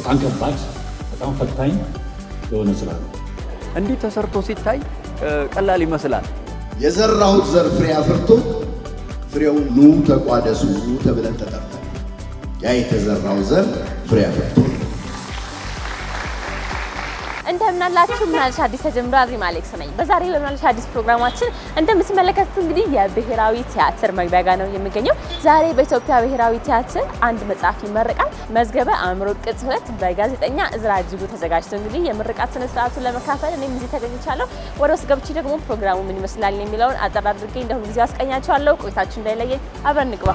በጣም ከባድ፣ በጣም ፈታኝ የሆነ ስራ ነው። እንዲህ ተሰርቶ ሲታይ ቀላል ይመስላል። የዘራሁት ዘር ፍሬ አፍርቶ ፍሬው ኑ ተቋደሱ ተብለን ተጠርተን ያ የተዘራው ዘር ፍሬ አፍርቶ እንደምናላችሁ ምናልሽ አዲስ ተጀምሯል። ሪማ አሌክስ ነኝ። በዛሬ ለምናልሽ አዲስ ፕሮግራማችን እንደምትመለከቱት እንግዲህ የብሔራዊ ቲያትር መግቢያ ጋር ነው የሚገኘው። ዛሬ በኢትዮጵያ ብሔራዊ ቲያትር አንድ መጽሐፍ ይመረቃል። መዝገበ አእምሮ ቅጽበት በጋዜጠኛ እዝራ እጅጉ ተዘጋጅቶ እንግዲህ የምርቃት ስነ ለመካፈል እኔም እዚህ ተገኝቻለሁ። ወደ ውስጥ ገብቼ ደግሞ ፕሮግራሙ ምን ይመስላል የሚለውን አጠር አድርጌ እንደሁም ጊዜ አስቀኛቸዋለሁ። ቆይታችሁ እንዳይለየኝ አብረን እንግባ።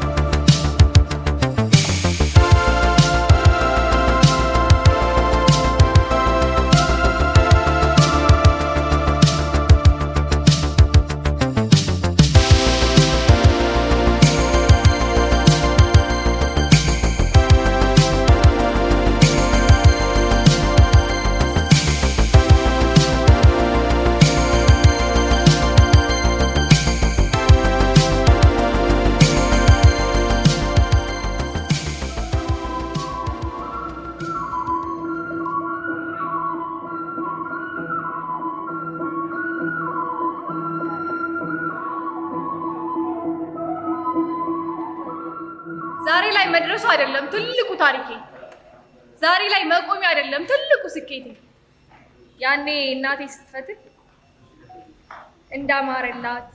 መድረሱ አይደለም ትልቁ ታሪኬ፣ ዛሬ ላይ መቆሚያ አይደለም ትልቁ ስኬቴ። ያኔ እናቴ ስትፈትል እንዳማረላት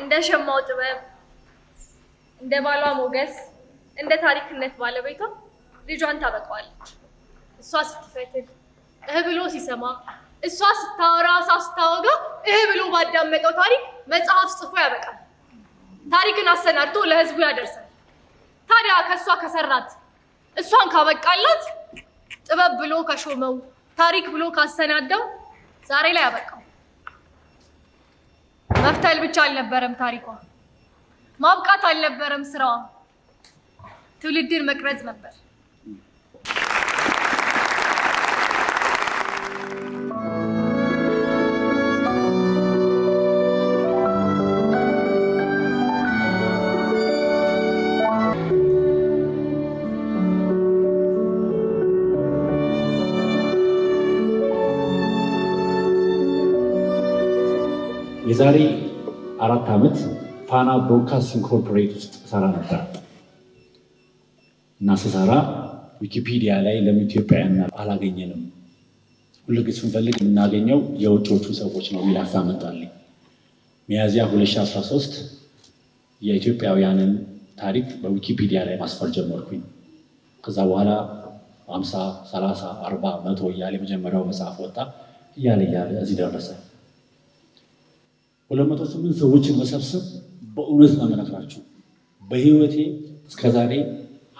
እንደ ሸማው ጥበብ፣ እንደ ባሏ ሞገስ፣ እንደ ታሪክነት ባለቤቷ ልጇን ታበቃዋለች። እሷ ስትፈትል እህ ብሎ ሲሰማ፣ እሷ ስታወራ፣ እሷ ስታወጋ እህ ብሎ ባዳመጠው ታሪክ መጽሐፍ ጽፎ ያበቃል። ታሪክን አሰናድቶ ለህዝቡ ያደርሳል። ታዲያ ከእሷ ከሰራት እሷን ካበቃላት ጥበብ ብሎ ከሾመው ታሪክ ብሎ ካሰናደው ዛሬ ላይ አበቃው። መፍተል ብቻ አልነበረም ታሪኳ፣ ማብቃት አልነበረም ስራዋ፣ ትውልድን መቅረጽ ነበር። የዛሬ አራት ዓመት ፋና ብሮድካስቲንግ ኮርፖሬት ውስጥ ሰራ ነበር እና ስሰራ ዊኪፒዲያ ላይ ለምን ኢትዮጵያውያን አላገኘንም? ሁልጊዜ ስንፈልግ የምናገኘው የውጮቹ ሰዎች ነው የሚል ሀሳብ መጣልኝ። ሚያዚያ 2013 የኢትዮጵያውያንን ታሪክ በዊኪፒዲያ ላይ ማስፈር ጀመርኩኝ። ከዛ በኋላ 50፣ 30፣ 40፣ መቶ እያለ የመጀመሪያው መጽሐፍ ወጣ። እያለ እያለ እዚህ ደረሰ። ሁለት መቶ ስምንት ሰዎችን መሰብሰብ በእውነት ነው የምነግራችሁ። በህይወቴ እስከዛሬ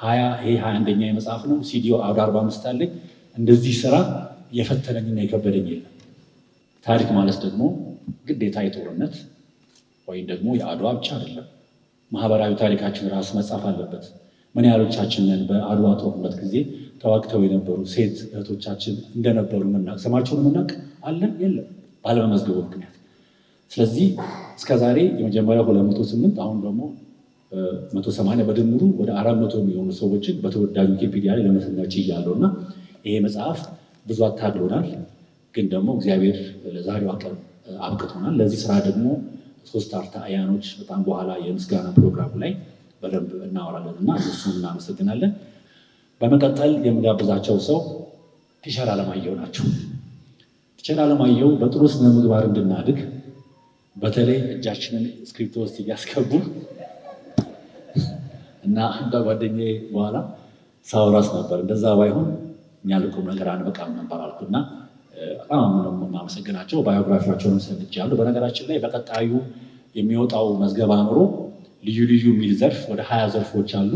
ሀያ ይሄ ሀያ አንደኛ የመጽሐፍ ነው ሲዲዮ አውደ አርባ አምስት አለኝ። እንደዚህ ስራ የፈተነኝና የከበደኝ የለም። ታሪክ ማለት ደግሞ ግዴታ የጦርነት ወይም ደግሞ የአድዋ ብቻ አይደለም። ማህበራዊ ታሪካችን ራስ መጻፍ አለበት። ምን ያህሎቻችንን በአድዋ ጦርነት ጊዜ ተዋግተው የነበሩ ሴት እህቶቻችን እንደነበሩ ምናቅ ስማቸውን ምናቅ አለን የለም ባለመመዝገቡ ምክንያት ስለዚህ እስከዛሬ የመጀመሪያ 208 አሁን ደግሞ 180 በድምሩ ወደ 400 የሚሆኑ ሰዎችን በተወዳጁ ዊኪፒዲያ ላይ ለመሰናች እያለው እና ይሄ መጽሐፍ ብዙ አታግሎናል፣ ግን ደግሞ እግዚአብሔር ለዛሬው አቀብ አብቅቶናል። ለዚህ ስራ ደግሞ ሶስት አያኖች በጣም በኋላ የምስጋና ፕሮግራሙ ላይ በደንብ እናወራለን እና እሱን እናመሰግናለን። በመቀጠል የምጋብዛቸው ሰው ቲቸር አለማየሁ ናቸው። ቲቸር አለማየሁ በጥሩ ስነ ምግባር እንድናድግ በተለይ እጃችንን እስክሪፕቶ ውስጥ እያስገቡ እና አንዷ ጓደኛዬ በኋላ ሳውራስ ነበር እንደዛ ባይሆን እኛ ልቁም ነገር አንበቃም ነበር አልኩና በጣም ምንም የማመሰግናቸው ባዮግራፊያቸውን ሰምቻለሁ። በነገራችን ላይ በቀጣዩ የሚወጣው መዝገበ አእምሮ ልዩ ልዩ የሚል ዘርፍ ወደ ሀያ ዘርፎች አሉ።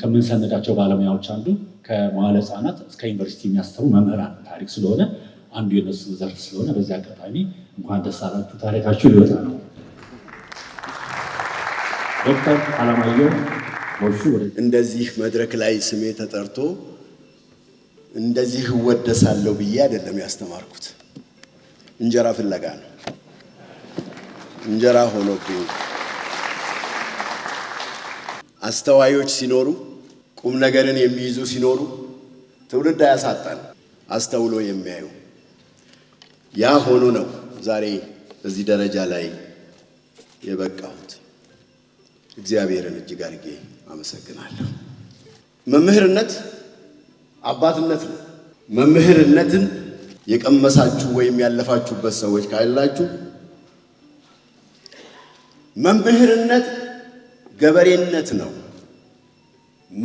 ከምንሰንዳቸው ባለሙያዎች አንዱ ከመዋለ ሕፃናት እስከ ዩኒቨርሲቲ የሚያስተሩ መምህራን ታሪክ ስለሆነ አንዱ የነሱ ዘርፍ ስለሆነ በዚህ አጋጣሚ እንኳን ደስ አላችሁ። ታሪካችሁ ሊወጣ ነው። ዶክተር አለማየሁ እንደዚህ መድረክ ላይ ስሜ ተጠርቶ እንደዚህ እወደሳለሁ ብዬ አይደለም ያስተማርኩት። እንጀራ ፍለጋ ነው እንጀራ ሆኖብኝ። አስተዋዮች ሲኖሩ፣ ቁም ነገርን የሚይዙ ሲኖሩ ትውልድ አያሳጣን። አስተውሎ የሚያዩ ያ ሆኖ ነው ዛሬ እዚህ ደረጃ ላይ የበቃሁት። እግዚአብሔርን እጅግ አድርጌ አመሰግናለሁ። መምህርነት አባትነት ነው። መምህርነትን የቀመሳችሁ ወይም ያለፋችሁበት ሰዎች ካላችሁ መምህርነት ገበሬነት ነው።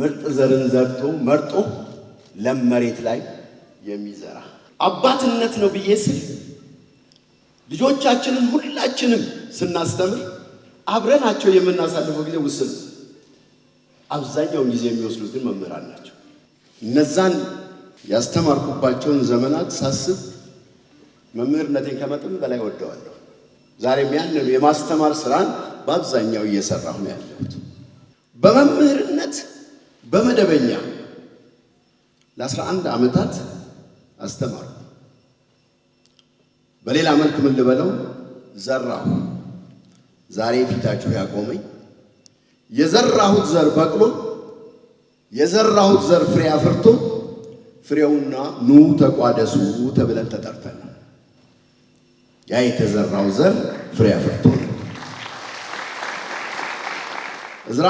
ምርጥ ዘርን ዘርቶ መርጦ ለም መሬት ላይ የሚዘራ አባትነት ነው ብዬ ስል ልጆቻችንን ሁላችንም ስናስተምር አብረናቸው የምናሳልፈው ጊዜ ውስን፣ አብዛኛውን ጊዜ የሚወስዱት ግን መምህራን ናቸው። እነዛን ያስተማርኩባቸውን ዘመናት ሳስብ መምህርነቴን ከመጠን በላይ ወደዋለሁ። ዛሬም ያንን የማስተማር ስራን በአብዛኛው እየሰራሁ ነው ያለሁት። በመምህርነት በመደበኛ ለ11 ዓመታት አስተማሩ። በሌላ መልክ ምን ልበለው ዘራሁ። ዛሬ ፊታችሁ ያቆመኝ የዘራሁት ዘር በቅሎ የዘራሁት ዘር ፍሬ አፍርቶ ፍሬውና ኑ ተቋደሱ ተብለን ተጠርተን ያ የተዘራው ዘር ፍሬ አፍርቶ እዝራ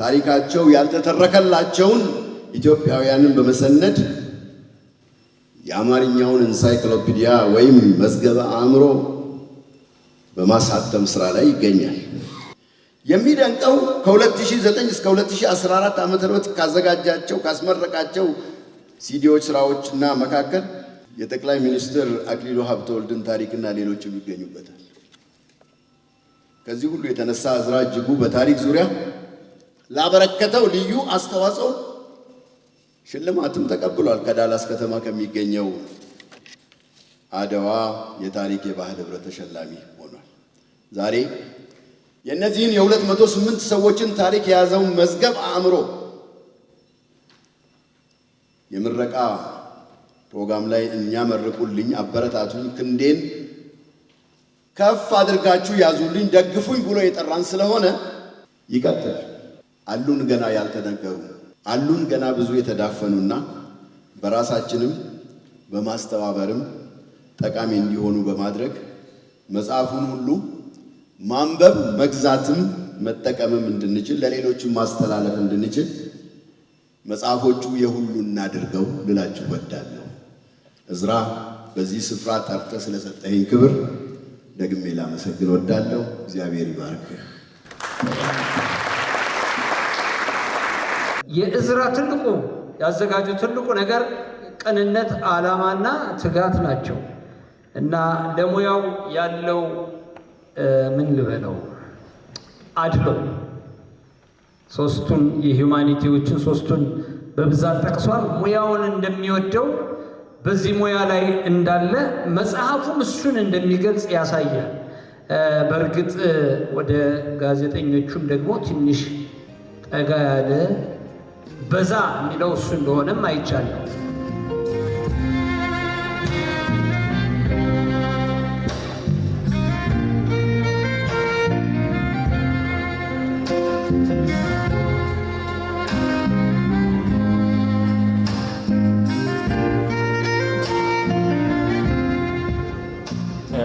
ታሪካቸው ያልተተረከላቸውን ኢትዮጵያውያንን በመሰነድ የአማርኛውን ኢንሳይክሎፒዲያ ወይም መዝገበ አእምሮ በማሳተም ስራ ላይ ይገኛል። የሚደንቀው ከ2009 እስከ 2014 ዓ.ም ካዘጋጃቸው ካስመረቃቸው ሲዲዎች ስራዎችና መካከል የጠቅላይ ሚኒስትር አክሊሉ ሀብተወልድን ታሪክና ሌሎችም ይገኙበታል። ከዚህ ሁሉ የተነሳ ዕዝራ እጅጉ በታሪክ ዙሪያ ላበረከተው ልዩ አስተዋጽኦ ሽልማትም ተቀብሏል። ከዳላስ ከተማ ከሚገኘው አድዋ የታሪክ የባህል ህብረት ተሸላሚ ሆኗል። ዛሬ የእነዚህን የሁለት መቶ ስምንት ሰዎችን ታሪክ የያዘውን መዝገብ አእምሮ የምረቃ ፕሮግራም ላይ እኛ መርቁልኝ፣ አበረታቱኝ፣ ክንዴን ከፍ አድርጋችሁ ያዙልኝ፣ ደግፉኝ ብሎ የጠራን ስለሆነ ይቀጥል። አሉን ገና ያልተነገሩ አሉን ገና ብዙ የተዳፈኑና በራሳችንም በማስተባበርም ጠቃሚ እንዲሆኑ በማድረግ መጽሐፉን ሁሉ ማንበብ መግዛትም መጠቀምም እንድንችል ለሌሎችም ማስተላለፍ እንድንችል መጽሐፎቹ የሁሉ እናድርገው ልላችሁ ወዳለሁ። እዝራ በዚህ ስፍራ ጠርተህ ስለሰጠኸኝ ክብር ደግሜ ላመሰግን ወዳለሁ። እግዚአብሔር ይባርክ። የእዝራ ትልቁ ያዘጋጁ ትልቁ ነገር ቅንነት፣ ዓላማና ትጋት ናቸው እና ለሙያው ያለው ምን ልበለው አድለው ሶስቱን የሂውማኒቲዎችን ሶስቱን በብዛት ጠቅሷል። ሙያውን እንደሚወደው በዚህ ሙያ ላይ እንዳለ መጽሐፉም እሱን እንደሚገልጽ ያሳያል። በእርግጥ ወደ ጋዜጠኞቹም ደግሞ ትንሽ ጠጋ ያለ በዛ የሚለው እሱ እንደሆነም አይቻልም።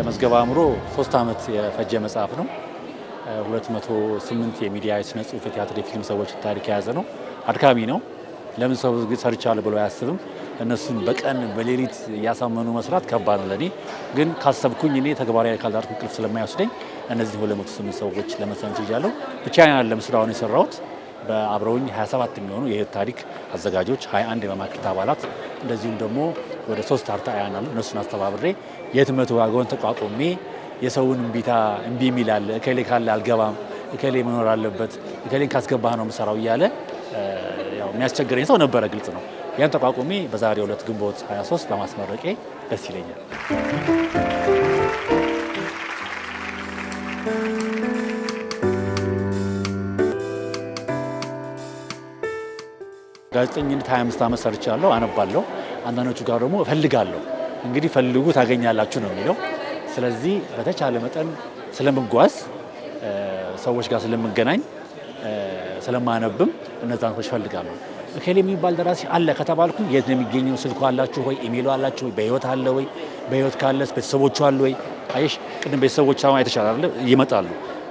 መዝገበ አእምሮ ሶስት ዓመት የፈጀ መጽሐፍ ነው። 208 የሚዲያ የስነ ጽሁፍ የቲያትር የፊልም ሰዎች ታሪክ የያዘ ነው። አድካሚ ነው። ለምን ሰው ሰርቻለሁ ብሎ አያስብም። እነሱን በቀን በሌሊት እያሳመኑ መስራት ከባድ ነው። ለእኔ ግን ካሰብኩኝ እኔ ተግባራዊ ካልዳርኩ እንቅልፍ ስለማይወስደኝ እነዚህ 208 ሰዎች ለመሰንት ችያለሁ። ብቻዬን አይደለም ስራውን የሰራሁት በአብረውኝ 27 የሚሆኑ የህይወት ታሪክ አዘጋጆች፣ 21 የመማክርት አባላት እንደዚሁም ደግሞ ወደ ሶስት አርታያን አሉ። እነሱን አስተባብሬ የህትመት ዋጋውን ተቋቁሜ የሰውን እምቢታ እምቢ የሚል አለ፣ እከሌ ካለ አልገባም፣ እከሌ መኖር አለበት፣ እከሌን ካስገባህ ነው የምሰራው እያለ የሚያስቸግረኝ ሰው ነበረ፣ ግልጽ ነው። ያን ተቋቁሜ በዛሬው ዕለት ግንቦት 23 በማስመረቄ ደስ ይለኛል። ጋዜጠኝነት 25 ዓመት ሰርቻለሁ፣ አነባለሁ። አንዳንዶቹ ጋር ደግሞ እፈልጋለሁ። እንግዲህ ፈልጉ ታገኛላችሁ ነው የሚለው። ስለዚህ በተቻለ መጠን ስለምጓዝ፣ ሰዎች ጋር ስለምገናኝ፣ ስለማነብም እነዛን ሰዎች እፈልጋለሁ። እከሌ የሚባል ደራሲ አለ ከተባልኩ የት ነው የሚገኘው? ስልኩ አላችሁ ወይ? ኢሜሉ አላችሁ ወይ? በህይወት አለ ወይ? በህይወት ካለስ ቤተሰቦቹ አሉ ወይ? አይሽ ቅድም ቤተሰቦች አሁን አይተሻል ይመጣሉ።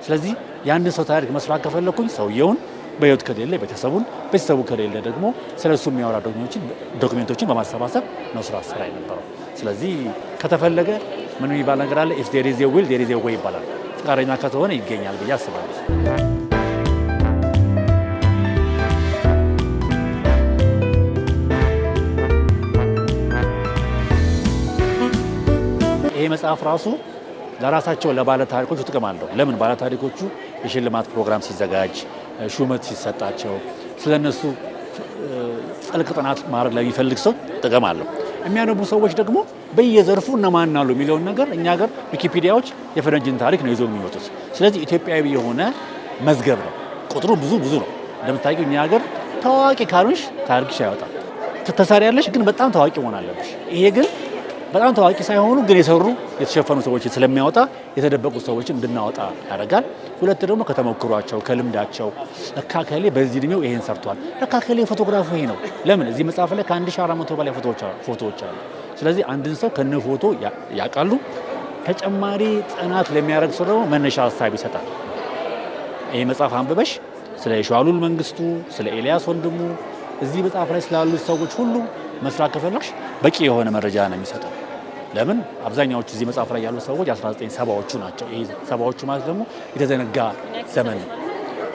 ስለዚህ ያንን ሰው ታሪክ መስራት ከፈለኩኝ ሰውየውን በህይወት ከሌለ ቤተሰቡን፣ ቤተሰቡ ከሌለ ደግሞ ስለ እሱ የሚያወራ ዶክሜንቶችን በማሰባሰብ ነው ስራ ስራ የነበረው። ስለዚህ ከተፈለገ ምን የሚባል ነገር አለ ኢፍ ዴር ኢዝ ኤ ዊል ዴር ኢዝ ኤ ዌይ ይባላል። ፈቃደኛ ከተሆነ ይገኛል ብዬ አስባለሁ። መጽሐፍ ራሱ ለራሳቸው ለባለ ታሪኮቹ ጥቅም አለው። ለምን ባለ ታሪኮቹ የሽልማት ፕሮግራም ሲዘጋጅ፣ ሹመት ሲሰጣቸው ስለነሱ ጥልቅ ጥናት ማድረግ ለሚፈልግ ሰው ጥቅም አለው። የሚያነቡ ሰዎች ደግሞ በየዘርፉ እነማን አሉ የሚለውን ነገር እኛ ሀገር ዊኪፒዲያዎች የፈረንጅን ታሪክ ነው ይዘው የሚመጡት። ስለዚህ ኢትዮጵያዊ የሆነ መዝገብ ነው። ቁጥሩ ብዙ ብዙ ነው። እንደምታውቂው እኛ ሀገር ታዋቂ ካልሆንሽ ታሪክሽ አይወጣም። ትተሳሪያለሽ፣ ግን በጣም ታዋቂ መሆን አለብሽ። ይሄ ግን በጣም ታዋቂ ሳይሆኑ ግን የሰሩ የተሸፈኑ ሰዎችን ስለሚያወጣ የተደበቁ ሰዎችን እንድናወጣ ያደርጋል። ሁለት ደግሞ ከተሞክሯቸው ከልምዳቸው ለካከሌ በዚህ እድሜው ይሄን ሰርቷል፣ ለካከሌ ፎቶግራፉ ይሄ ነው። ለምን እዚህ መጽሐፍ ላይ ከ1400 በላይ ፎቶዎች አሉ። ስለዚህ አንድን ሰው ከነ ፎቶ ያውቃሉ። ተጨማሪ ጥናት ለሚያደርግ ሰው ደግሞ መነሻ ሀሳብ ይሰጣል። ይህ መጽሐፍ አንብበሽ ስለ የሸዋሉል መንግስቱ፣ ስለ ኤልያስ ወንድሙ እዚህ መጽሐፍ ላይ ስላሉት ሰዎች ሁሉ መስራት ከፈለግሽ በቂ የሆነ መረጃ ነው የሚሰጠው። ለምን አብዛኛዎቹ እዚህ መጽሐፍ ላይ ያሉ ሰዎች 19 ሰባዎቹ ናቸው። ይሄ ሰባዎቹ ማለት ደግሞ የተዘነጋ ዘመን ነው።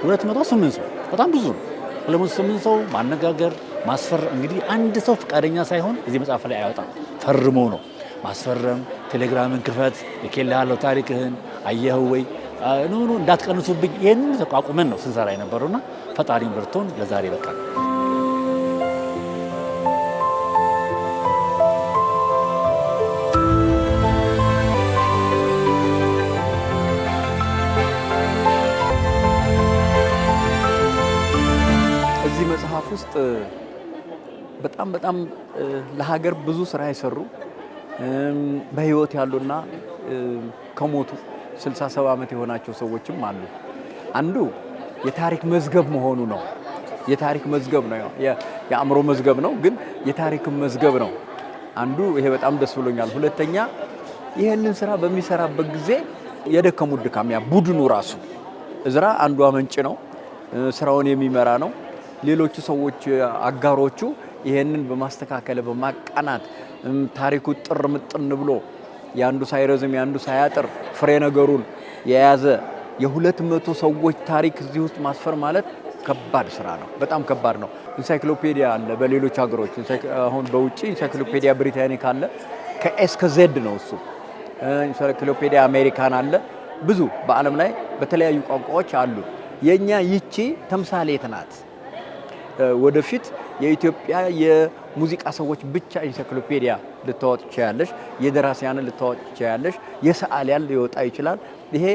208 ሰው በጣም ብዙ ነው። 208 ሰው ማነጋገር ማስፈር እንግዲህ አንድ ሰው ፈቃደኛ ሳይሆን እዚህ መጽሐፍ ላይ አይወጣም። ፈርሞ ነው ማስፈረም። ቴሌግራምን ክፈት ልኬልሃለሁ፣ ታሪክህን አየኸው ወይ እንዳትቀንሱብኝ። ይህንን ተቋቁመን ነው ስንሰራ የነበረውና ፈጣሪን ብርቶን ለዛሬ በቃ ውስጥ በጣም በጣም ለሀገር ብዙ ስራ የሰሩ በህይወት ያሉና ከሞቱ 67 ዓመት የሆናቸው ሰዎችም አሉ። አንዱ የታሪክ መዝገብ መሆኑ ነው። የታሪክ መዝገብ ነው፣ የአእምሮ መዝገብ ነው፣ ግን የታሪክ መዝገብ ነው። አንዱ ይሄ በጣም ደስ ብሎኛል። ሁለተኛ ይህንን ስራ በሚሰራበት ጊዜ የደከሙት ድካም ያ ቡድኑ ራሱ እዝራ አንዱ አመንጭ ነው፣ ስራውን የሚመራ ነው። ሌሎቹ ሰዎች አጋሮቹ ይህንን በማስተካከል በማቃናት ታሪኩ ጥር ምጥን ብሎ የአንዱ ሳይረዝም የአንዱ ሳያጥር ፍሬ ነገሩን የያዘ የሁለት መቶ ሰዎች ታሪክ እዚህ ውስጥ ማስፈር ማለት ከባድ ስራ ነው። በጣም ከባድ ነው። ኢንሳይክሎፔዲያ አለ በሌሎች ሀገሮች። አሁን በውጭ ኢንሳይክሎፔዲያ ብሪታኒክ አለ ከኤስ ከዜድ ነው እሱ። ኢንሳይክሎፔዲያ አሜሪካን አለ ብዙ በዓለም ላይ በተለያዩ ቋንቋዎች አሉ። የእኛ ይቺ ተምሳሌት ናት። ወደፊት የኢትዮጵያ የሙዚቃ ሰዎች ብቻ ኢንሳይክሎፔዲያ ልታወጥ ይችላለሽ፣ የደራሲያንን ልታወጥ ይችላለሽ፣ የሰዓሊያን ሊወጣ ይችላል። ይሄ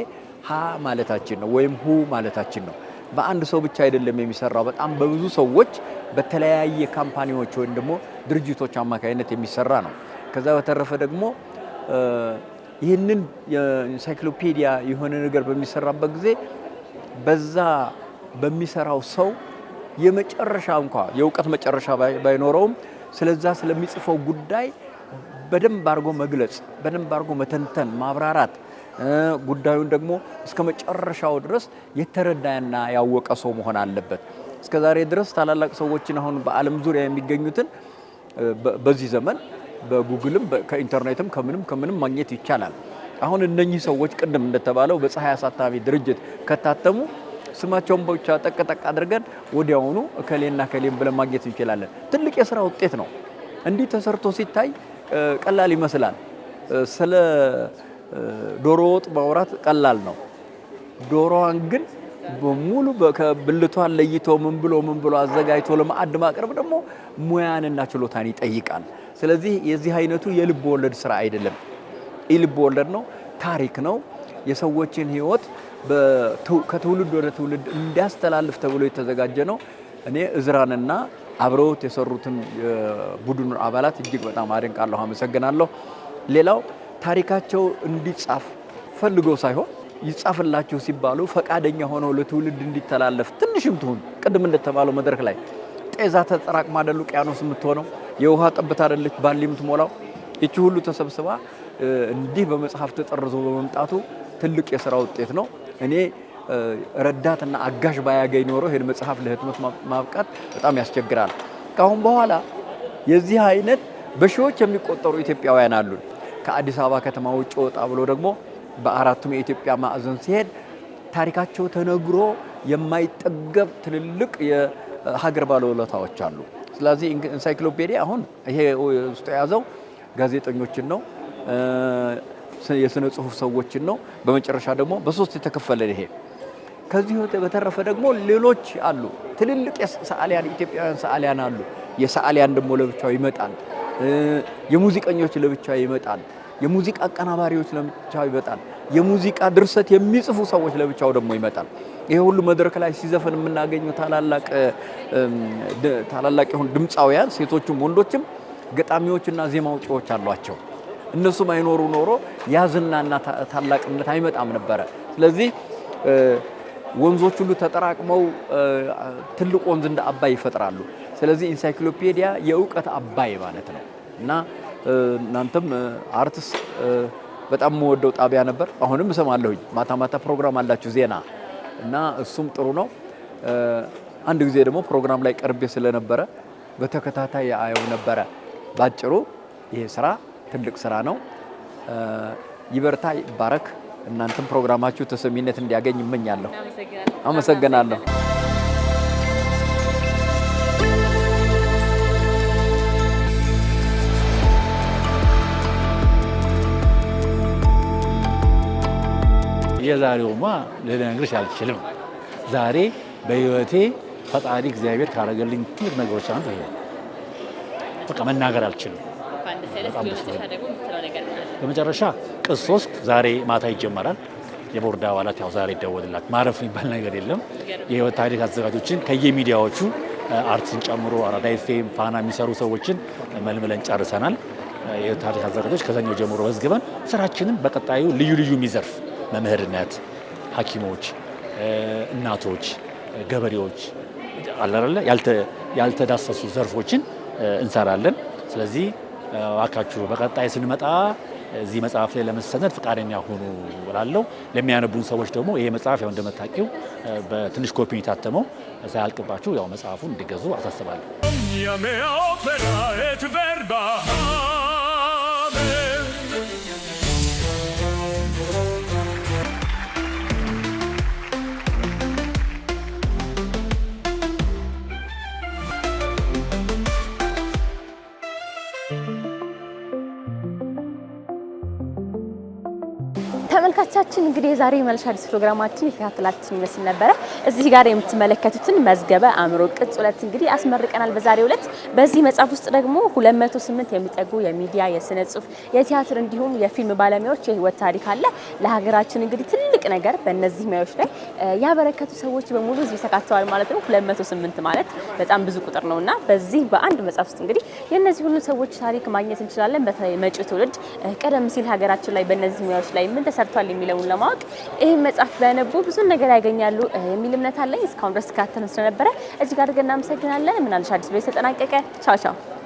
ሀ ማለታችን ነው ወይም ሁ ማለታችን ነው። በአንድ ሰው ብቻ አይደለም የሚሰራው። በጣም በብዙ ሰዎች በተለያየ ካምፓኒዎች ወይም ደግሞ ድርጅቶች አማካኝነት የሚሰራ ነው። ከዛ በተረፈ ደግሞ ይህንን ኢንሳይክሎፔዲያ የሆነ ነገር በሚሰራበት ጊዜ በዛ በሚሰራው ሰው የመጨረሻ እንኳ የእውቀት መጨረሻ ባይኖረውም ስለዛ ስለሚጽፈው ጉዳይ በደንብ አድርጎ መግለጽ፣ በደንብ አድርጎ መተንተን፣ ማብራራት ጉዳዩን ደግሞ እስከ መጨረሻው ድረስ የተረዳና ያወቀ ሰው መሆን አለበት። እስከ ዛሬ ድረስ ታላላቅ ሰዎችን አሁን በዓለም ዙሪያ የሚገኙትን በዚህ ዘመን በጉግልም ከኢንተርኔትም ከምንም ከምንም ማግኘት ይቻላል። አሁን እነኚህ ሰዎች ቅድም እንደተባለው በፀሐይ አሳታሚ ድርጅት ከታተሙ ስማቸውን ብቻ ጠቅጠቅ አድርገን ወዲያውኑ እከሌና እከሌን ብለን ማግኘት እንችላለን። ትልቅ የስራ ውጤት ነው። እንዲህ ተሰርቶ ሲታይ ቀላል ይመስላል። ስለ ዶሮ ወጥ ማውራት ቀላል ነው። ዶሮዋን ግን በሙሉ ከብልቷን ለይቶ ምን ብሎ ምን ብሎ አዘጋጅቶ ለማዕድ ማቅረብ ደግሞ ሙያንና ችሎታን ይጠይቃል። ስለዚህ የዚህ አይነቱ የልብ ወለድ ስራ አይደለም፣ የልብ ወለድ ነው፣ ታሪክ ነው፣ የሰዎችን ህይወት ከትውልድ ወደ ትውልድ እንዲያስተላልፍ ተብሎ የተዘጋጀ ነው። እኔ እዝራንና አብረውት የሰሩትን የቡድኑ አባላት እጅግ በጣም አደንቃለሁ፣ አመሰግናለሁ። ሌላው ታሪካቸው እንዲጻፍ ፈልገው ሳይሆን ይጻፍላችሁ ሲባሉ ፈቃደኛ ሆነው ለትውልድ እንዲተላለፍ ትንሽም ትሁን ቅድም እንደተባለው መድረክ ላይ ጤዛ ተጠራቅማ አይደል ቅያኖስ የምትሆነው የውሃ ጠብታ አደለች ባሊ የምትሞላው ይቺ ሁሉ ተሰብስባ እንዲህ በመጽሐፍ ተጠርዞ በመምጣቱ ትልቅ የስራ ውጤት ነው። እኔ ረዳትና አጋዥ ባያገኝ ኖሮ ይህን መጽሐፍ ለህትመት ማብቃት በጣም ያስቸግራል። ከአሁን በኋላ የዚህ አይነት በሺዎች የሚቆጠሩ ኢትዮጵያውያን አሉን። ከአዲስ አበባ ከተማ ውጭ ወጣ ብሎ ደግሞ በአራቱም የኢትዮጵያ ማዕዘን ሲሄድ ታሪካቸው ተነግሮ የማይጠገብ ትልልቅ የሀገር ባለውለታዎች አሉ። ስለዚህ ኢንሳይክሎፔዲያ አሁን ይሄ ውስጥ የያዘው ጋዜጠኞችን ነው። የስነ ጽሁፍ ሰዎችን ነው። በመጨረሻ ደግሞ በሶስት የተከፈለ ይሄ ከዚህ በተረፈ ደግሞ ሌሎች አሉ። ትልልቅ ሰዓሊያን ኢትዮጵያውያን ሰዓሊያን አሉ። የሰዓሊያን ደግሞ ለብቻው ይመጣል። የሙዚቀኞች ለብቻው ይመጣል። የሙዚቃ አቀናባሪዎች ለብቻው ይመጣል። የሙዚቃ ድርሰት የሚጽፉ ሰዎች ለብቻው ደግሞ ይመጣል። ይሄ ሁሉ መድረክ ላይ ሲዘፈን የምናገኘው ታላላቅ ታላላቅ የሆኑ ድምፃውያን ሴቶችም ወንዶችም ገጣሚዎችና ዜማ አውጪዎች አሏቸው። እነሱም ማይኖሩ ኖሮ ያዝናና ታላቅነት አይመጣም ነበረ። ስለዚህ ወንዞች ሁሉ ተጠራቅመው ትልቅ ወንዝ እንደ አባይ ይፈጥራሉ። ስለዚህ ኢንሳይክሎፔዲያ የእውቀት አባይ ማለት ነው እና እናንተም አርትስ በጣም የምወደው ጣቢያ ነበር። አሁንም እሰማለሁኝ። ማታ ማታ ፕሮግራም አላችሁ ዜና እና እሱም ጥሩ ነው። አንድ ጊዜ ደግሞ ፕሮግራም ላይ ቀርቤ ስለነበረ በተከታታይ አየው ነበረ። ባጭሩ ይሄ ስራ ትልቅ ስራ ነው። ይበርታ ይባረክ። እናንተም ፕሮግራማችሁ ተሰሚነት እንዲያገኝ እመኛለሁ። አመሰግናለሁ። የዛሬውማ ልነግርሽ አልችልም። ዛሬ በህይወቴ ፈጣሪ እግዚአብሔር ካረገልኝ ትልቅ ነገሮች አንዱ በቃ መናገር አልችልም። በመጨረሻ ቅጽ ሶስት ዛሬ ማታ ይጀመራል። የቦርድ አባላት ያው ዛሬ ይደወልላት ማረፍ የሚባል ነገር የለም። የህይወት ታሪክ አዘጋጆችን ከየሚዲያዎቹ አርትስን ጨምሮ አራዳ ኤፍኤም፣ ፋና የሚሰሩ ሰዎችን መልምለን ጨርሰናል። የህይወት ታሪክ አዘጋጆች ከሰኞ ጀምሮ መዝግበን ስራችንም በቀጣዩ ልዩ ልዩ የሚዘርፍ መምህርነት፣ ሐኪሞች፣ እናቶች፣ ገበሬዎች አላለ ያልተዳሰሱ ዘርፎችን እንሰራለን። ስለዚህ እባካችሁ በቀጣይ ስንመጣ እዚህ መጽሐፍ ላይ ለመሰነድ ፈቃደኛ ሆኑ እላለሁ። ለሚያነቡን ሰዎች ደግሞ ይሄ መጽሐፍ ያው እንደምታውቂው በትንሽ ኮፒ የታተመው ሳያልቅባችሁ ያው መጽሐፉን እንዲገዙ አሳስባለሁ። ተመልካቾቻችን እንግዲህ የዛሬ መልሻ አዲስ ፕሮግራማችን የተካተላችን ይመስል ነበረ። እዚህ ጋር የምትመለከቱትን መዝገበ አእምሮ ቅጽ ሁለት እንግዲህ አስመርቀናል በዛሬ ሁለት በዚህ መጽሐፍ ውስጥ ደግሞ 208 የሚጠጉ የሚዲያ የስነ ጽሁፍ፣ የቲያትር እንዲሁም የፊልም ባለሙያዎች የህይወት ታሪክ አለ። ለሀገራችን እንግዲህ ትልቅ ነገር በእነዚህ ሙያዎች ላይ ያበረከቱ ሰዎች በሙሉ እዚህ ተካተዋል ማለት ነው። 208 ማለት በጣም ብዙ ቁጥር ነው እና በዚህ በአንድ መጽሐፍ ውስጥ እንግዲህ የእነዚህ ሁሉ ሰዎች ታሪክ ማግኘት እንችላለን። በተለይ መጪው ትውልድ ቀደም ሲል ሀገራችን ላይ በእነዚህ ሙያዎች ላይ ምን ተሰርቷል የሚለውን መሆኑን ለማወቅ ይህን መጽሐፍ ቢያነቡ ብዙ ነገር ያገኛሉ የሚል እምነት አለኝ። እስካሁን ድረስ ካተነው ስለነበረ እጅግ አድርገን እናመሰግናለን። ምናልሽ አዲስ ቤት ተጠናቀቀ። ቻው ቻው።